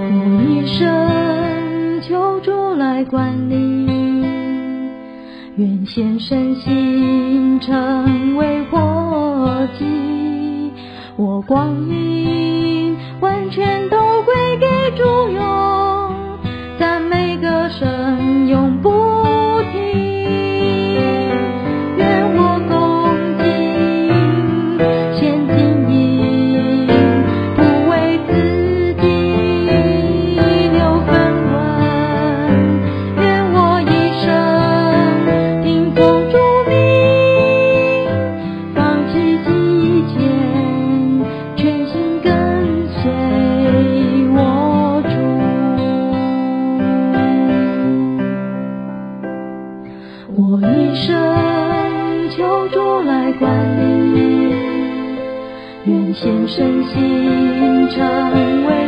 我一生求主來管理，願獻身心成為活祭。我光陰完全都我一生求主來管理。願獻身心，成為。